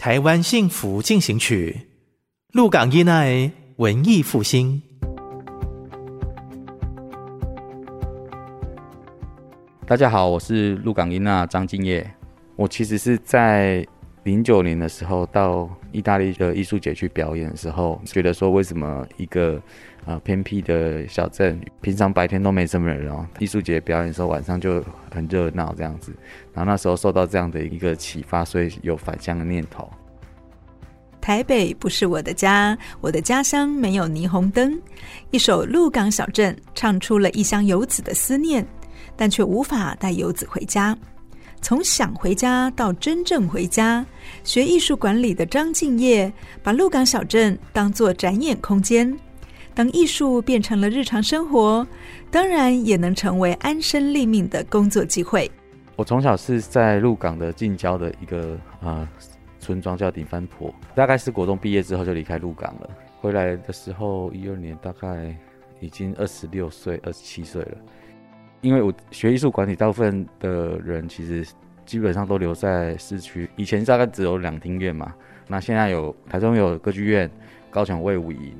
台灣幸福進行曲，鹿港囡仔的文藝復興。大家好，我是鹿港囡仔張敬業。我其實是在零九年的時候到意大利的藝術節去表演的時候，覺得說為什麼一個，啊、呃，偏僻的小鎮，平常白天都沒什麼人哦。藝術節表演的時候，晚上就很熱鬧這樣子。然後那時候受到這樣的一個啟發，所以有返鄉的念頭。台北不是我的家，我的家鄉沒有霓虹燈。一首鹿港小鎮唱出了異鄉遊子的思念，但卻無法帶遊子回家。從想回家到真正回家，學藝術管理的張敬業把鹿港小鎮當作展演空間。當藝術變成了日常生活，當然也能成為安身立命的工作機會。我從小是在鹿港的近郊的一個啊、呃、村莊叫頂番婆，大概是國中畢業之後就離開鹿港了。回來的時候一二年大概已經二十六歲、二十七歲了。因為我學藝術管理，大部分的人其實基本上都留在市區。以前大概只有兩廳院嘛，那現在有台中有歌劇院、高雄衛武營。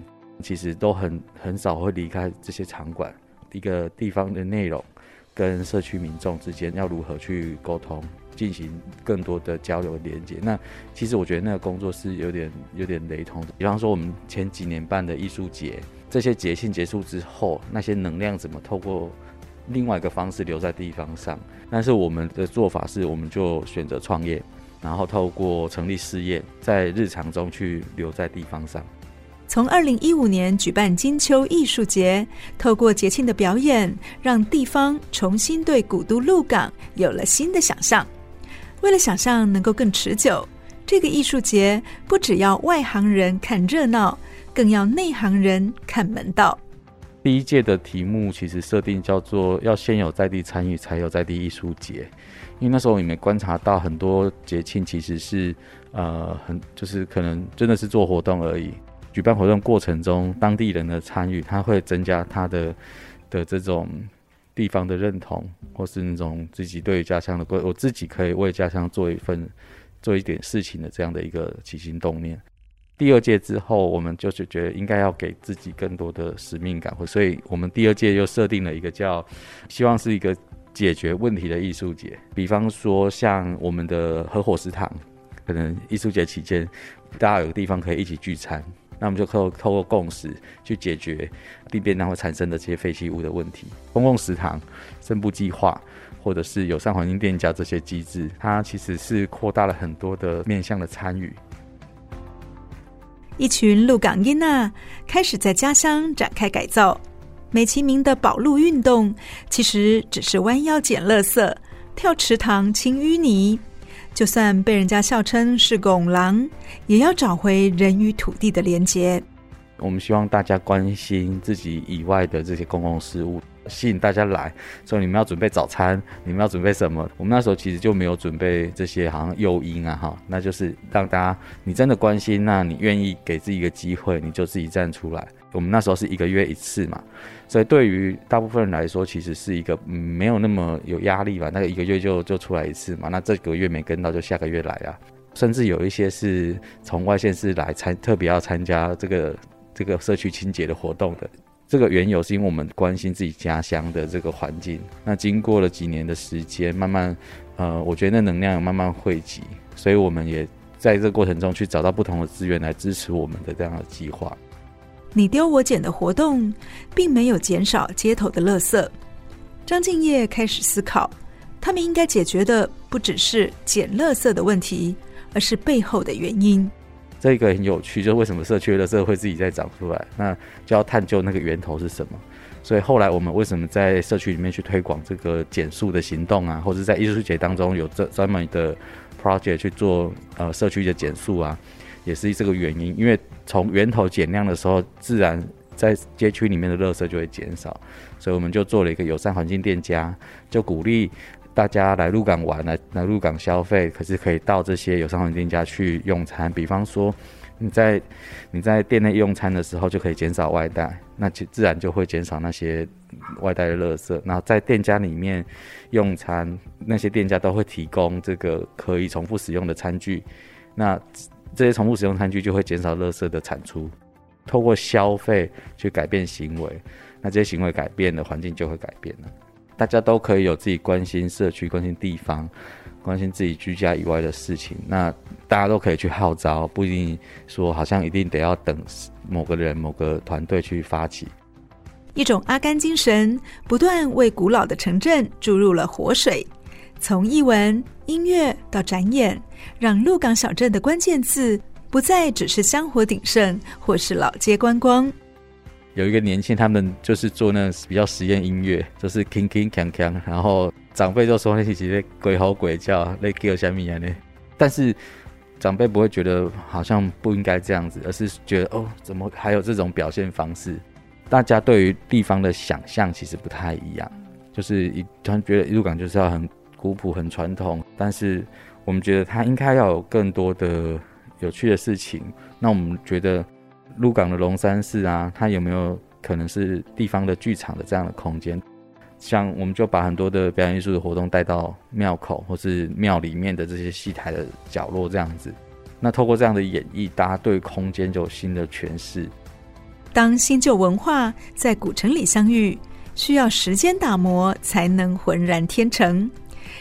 其實都很很少會離開這些場館，一個地方的內容跟社區民眾之間要如何去溝通，進行更多的交流連接。那其實我覺得那個工作是有點有點雷同的。比方說我們前幾年辦的藝術節，這些節慶結束之後，那些能量怎麼透過另外一個方式留在地方上？但是我們的做法是，我們就選擇創業，然後透過成立事業，在日常中去留在地方上。從二零一五年舉辦今秋藝術節，透過節慶的表演，讓地方重新對古都鹿港有了新的想象。為了想象能夠更持久，這個藝術節不只要外行人看熱鬧，更要內行人看門道。第一屆的題目其實設定叫做“要先有在地參與，才有在地藝術節”，因為那時候你們觀察到很多節慶其實是呃很就是可能真的是做活動而已。舉辦活動過程中，當地人的參與，他會增加他的的這種地方的認同，或是那種自己對於家鄉的，我我自己可以為家鄉做一份，做一點事情的這樣的一個起心動念。第二屆之後，我們就是覺得應該要給自己更多的使命感，或所以，我們第二屆又設定了一個叫希望是一個解決問題的藝術節。比方說，像我們的合伙食堂，可能藝術節期間，大家有個地方可以一起聚餐。那我們就透透過共識去解決地變然後產生的這些廢棄物的問題。公共食堂、生步計劃，或者是友善環境店家這些機制，它其實是擴大了很多的面向的參與。一群鹿港囡仔，開始在家鄉展開改造，美其名的保鹿運動，其實只是彎腰撿垃圾、跳池塘清淤泥。就算被人家笑稱是“戇人”，也要找回人與土地的連結。我們希望大家關心自己以外的這些公共事務。吸引大家來，所以你們要準備早餐，你們要準備什麼？我們那時候其實就沒有準備這些好像誘因啊，哈，那就是讓大家你真的關心、啊，那你願意給自己一個機會，你就自己站出來。我們那時候是一個月一次嘛，所以對於大部分人來說，其實是一個、嗯、沒有那麼有壓力吧？那個一個月就就出來一次嘛，那這個月沒跟到就下個月來啊，甚至有一些是從外縣市來參，特別要參加這個這個社區清潔的活動的。這個緣由是因為我們關心自己家鄉的這個環境。那經過了幾年的時間，慢慢，呃，我覺得那能量慢慢匯集，所以我們也在這個過程中去找到不同的資源來支持我們的這樣的計劃。你丟我撿的活動並沒有減少街頭的垃圾，張敬業開始思考，他們應該解決的不只是撿垃圾的問題，而是背後的原因。這一個很有趣，就是為什麼社區的垃圾會自己再長出來？那就要探究那個源頭是什麼。所以後來我們為什麼在社區裡面去推廣這個減塑的行動啊，或者在藝術節當中有專專門的 project 去做呃社區的減塑啊，也是這個原因。因為從源頭減量的時候，自然在街區裡面的垃圾就會減少。所以我們就做了一個友善環境店家，就鼓勵。大家來鹿港玩，來來鹿港消費，可是可以到這些有商品店家去用餐。比方說你，你在你在店內用餐的時候，就可以減少外帶，那就自然就會減少那些外帶的垃圾。然後在店家裡面用餐，那些店家都會提供這個可以重複使用的餐具。那這些重複使用餐具就會減少垃圾的產出。透過消費去改變行為，那這些行為改變了，環境就會改變了。大家都可以有自己關心社區、關心地方、關心自己居家以外的事情。那大家都可以去號召，不一定說好像一定得要等某個人、某個團隊去發起。一種阿甘精神，不斷為古老的城鎮注入了活水。從藝文、音樂到展演，讓鹿港小鎮的關鍵字不再只是香火鼎盛，或是老街觀光。有一個年輕，他們就是做那種比較實驗音樂，就是 king king kang kang，然後長輩就說那些鬼吼鬼叫，那叫什麼呀呢？但是長輩不會覺得好像不應該這樣子，而是覺得哦，怎麼還有這種表現方式？大家對於地方的想象其實不太一樣，就是一突然覺得鹿港就是要很古樸、很傳統，但是我們覺得他應該要有更多的有趣的事情。那我們覺得。鹿港的龍山寺啊，它有沒有可能是地方的劇場的這樣的空間？像我們就把很多的表演藝術的活動帶到廟口或是廟裡面的這些戲台的角落這樣子。那透過這樣的演繹，大家對空間就有新的詮釋。當新舊文化在古城裡相遇，需要時間打磨才能渾然天成。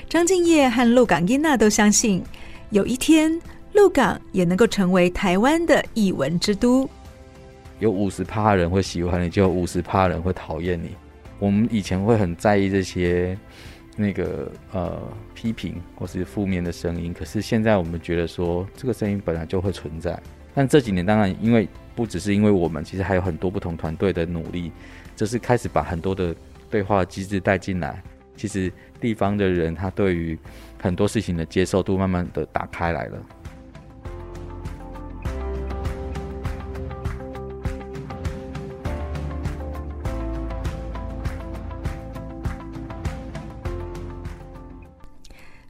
張敬業和鹿港囡仔都相信，有一天，鹿港也能夠成為台灣的藝文之都。有五十趴人會喜歡你，就有五十趴人會討厭你。我們以前會很在意這些那個呃批評或是負面的聲音，可是現在我們覺得說這個聲音本來就會存在。但這幾年當然，因為不只是因為我們，其實還有很多不同團隊的努力，就是開始把很多的對話機制帶進來。其實地方的人他對於很多事情的接受度慢慢的打開來了。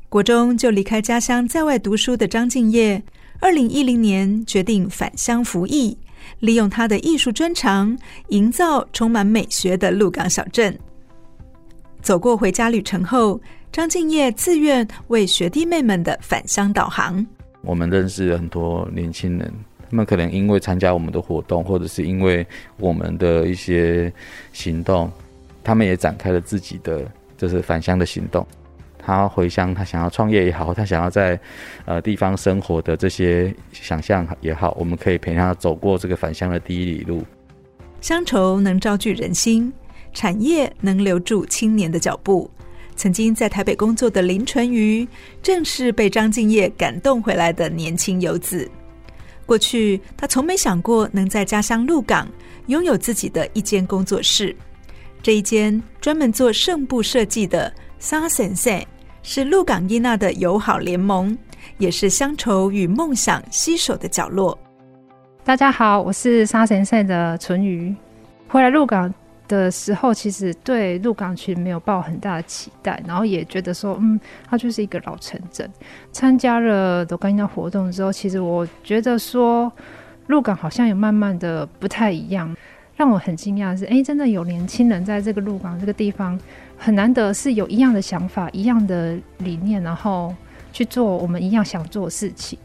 國中就離開家鄉在外讀書的張敬業，二零一零年決定返鄉服役，利用他的藝術專長，營造充滿美學的鹿港小鎮。走過回家旅程後，張敬業自願為學弟妹們的返鄉導航。我們認識了很多年輕人，他們可能因為參加我們的活動，或者是因為我們的一些行動，他們也展開了自己的就是返鄉的行動。他回鄉，他想要創業也好，他想要在呃地方生活的這些想象也好，我們可以陪他走過這個返鄉的第一里路。鄉愁能招聚人心，產業能留住青年的腳步。曾經在台北工作的林淳瑜，正是被張敬業感動回來的年輕遊子。過去他從沒想過能在家鄉鹿港擁有自己的一間工作室，這一間專門做聖布設計的。沙神賽是鹿港囡仔的友好聯盟，也是鄉愁與夢想攜手的角落。大家好，我是沙神賽的淳於。回來鹿港的時候，其實對鹿港其實沒有抱很大的期待，然後也覺得說，嗯，它就是一個老城鎮。參加了都干囡仔活動之後，其實我覺得說，鹿港好像有慢慢的不太一樣。讓我很驚訝的是，哎，真的有年輕人在這個鹿港這個地方，很難得是有一樣的想法，一樣的理念，然後去做我們一樣想做的事情。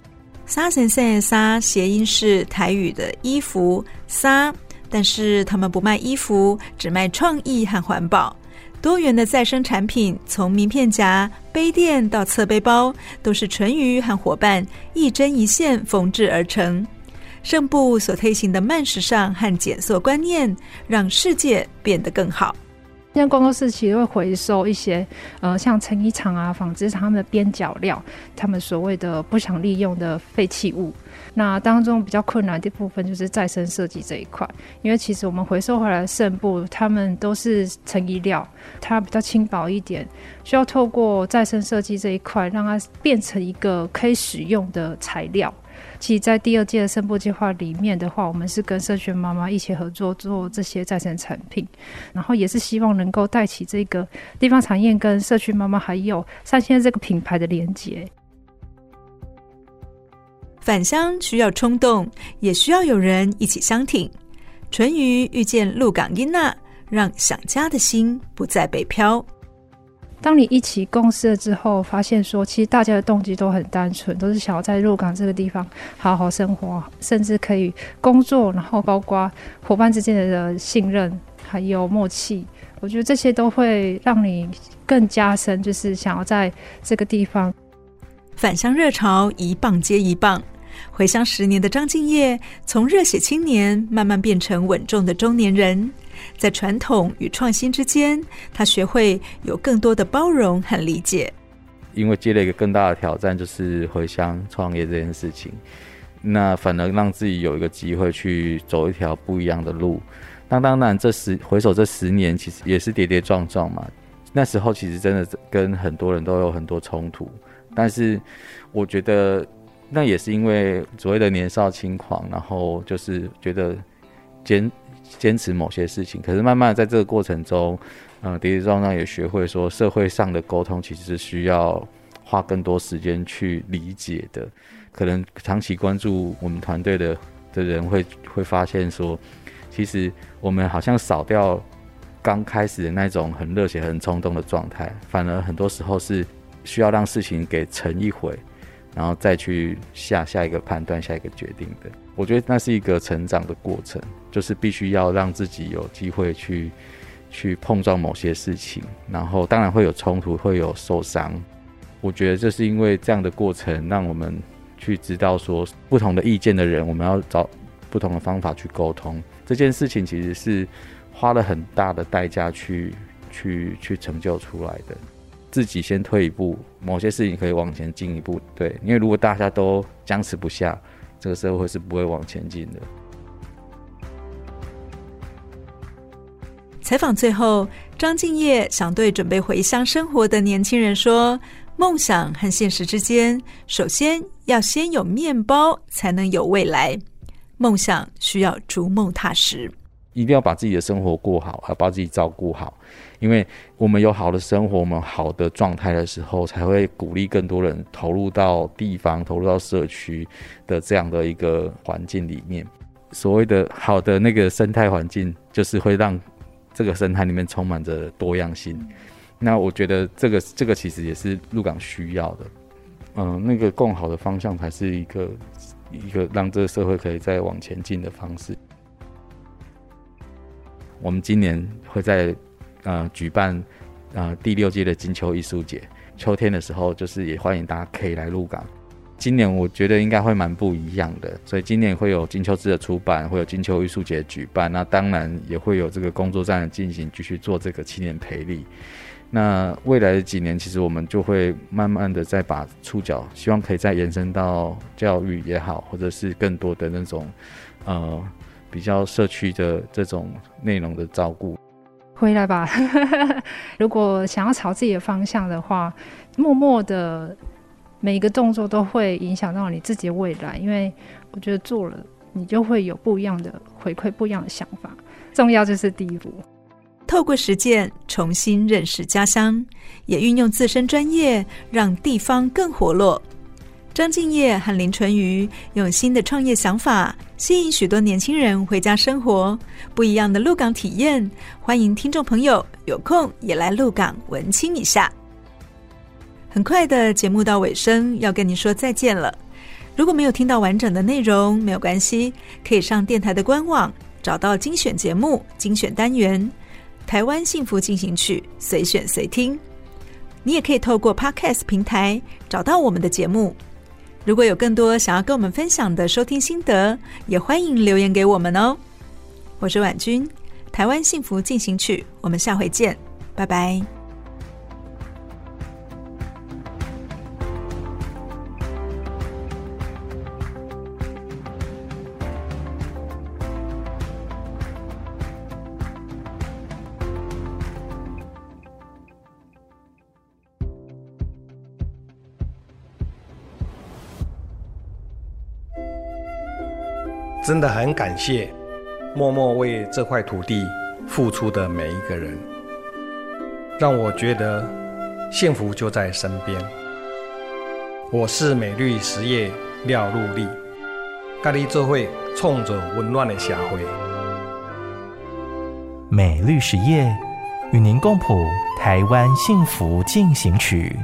沙神三沙諧音是台語的衣服沙，但是他們不賣衣服，只賣創意和環保。多元的再生產品，從名片夾、杯墊到側背包，都是淳於和夥伴一針一線縫制而成。聖布所推行的慢時尚和減塑觀念，讓世界變得更好。現在，工作室其實會回收一些，呃，像成衣廠啊、紡織廠，他們的邊角料，他們所謂的不想利用的廢棄物。那當中比較困難的部分就是再生設計這一塊，因為其實我們回收回來的聖布，他們都是成衣料，它比較輕薄一點，需要透過再生設計這一塊，讓它變成一個可以使用的材料。其實在第二屆的聲波計劃裡面的話，我們是跟社區媽媽一起合作做這些再生產品，然後也是希望能夠帶起這個地方產業跟社區媽媽還有上線這個品牌的連接。返鄉需要衝動，也需要有人一起相挺。淳於遇見鹿港囡仔，讓想家的心不再北漂。當你一起共事了之後，發現說其實大家的動機都很單純，都是想要在鹿港這個地方好好生活，甚至可以工作，然後包括夥伴之間的信任還有默契，我覺得這些都會讓你更加深，就是想要在這個地方返鄉。熱潮一棒接一棒。回鄉十年的張敬業，從熱血青年慢慢變成穩重的中年人，在傳統與創新之間，他學會有更多的包容和理解。因為接了一個更大的挑戰，就是回鄉創業這件事情，那反而讓自己有一個機會去走一條不一樣的路。那當然，這十回首這十年，其實也是跌跌撞撞嘛。那時候其實真的跟很多人都有很多衝突，但是我覺得。那也是因為所謂的年少輕狂，然後就是覺得堅堅持某些事情，可是慢慢在這個過程中，嗯，跌跌撞撞也學會說，社會上的溝通其實是需要花更多時間去理解的。可能長期關注我們團隊的的人會會發現說，其實我們好像少掉剛開始的那種很熱血、很衝動的狀態，反而很多時候是需要讓事情給沉一回，然後再去下下一個判斷、下一個決定的，我覺得那是一個成長的過程，就是必須要讓自己有機會去去碰撞某些事情，然後當然會有衝突，會有受傷。我覺得這是因為這樣的過程，讓我們去知道說不同的意見的人，我們要找不同的方法去溝通。這件事情其實是花了很大的代價去去去成就出來的。自己先退一步，某些事情可以往前進一步。對，因為如果大家都僵持不下，這個社會是不會往前進的。採訪最後，張敬業想對準備回鄉生活的年輕人說：夢想和現實之間，首先要先有面包，才能有未來。夢想需要逐夢踏實。一定要把自己的生活過好，還把自己照顧好，因為我們有好的生活，我們好的狀態的時候，才會鼓勵更多人投入到地方、投入到社區的這樣的一個環境裡面。所謂的好的那個生態環境，就是會讓這個生態裡面充滿着多樣性。那我覺得這個這個其實也是鹿港需要的，嗯、呃，那個更好的方向才是一個一個讓這個社會可以再往前進的方式。我們今年會在呃舉辦呃第六屆的今秋藝術節，秋天的時候就是也歡迎大家可以來鹿港。今年我覺得應該會蠻不一樣的，所以今年會有今秋誌的出版，會有今秋藝術節舉辦，那當然也會有這個工作站進行繼續做這個青年培力。那未來的幾年，其實我們就會慢慢的再把觸角，希望可以再延伸到教育也好，或者是更多的那種呃。比較社區的這種內容的照顧，回來吧呵呵。如果想要朝自己的方向的話，默默的每一個動作都會影響到你自己的未來。因為我覺得做了，你就會有不一樣的回饋，不一樣的想法。重要就是第一步，透過實踐重新認識家鄉，也運用自身專業，讓地方更活絡。張敬業和林淳於用新的創業想法，吸引許多年輕人回家生活，不一樣的鹿港體驗。歡迎聽眾朋友有空也來鹿港文青一下。很快的節目到尾聲，要跟你說再見了。如果沒有聽到完整的內容，沒有關係，可以上電台的官網找到精選節目、精選單元《台灣幸福進行曲》，隨選隨聽。你也可以透過 Podcast 平台找到我們的節目。如果有更多想要跟我們分享的收聽心得，也歡迎留言給我們哦。我是婉君，台灣幸福進行曲，我們下回見，拜拜。真的很感謝默默為這塊土地付出的每一個人，讓我覺得幸福就在身邊。我是美律實業廖露麗，咖喱聚會衝著溫暖的下回，美律實業與您共譜台灣幸福進行曲。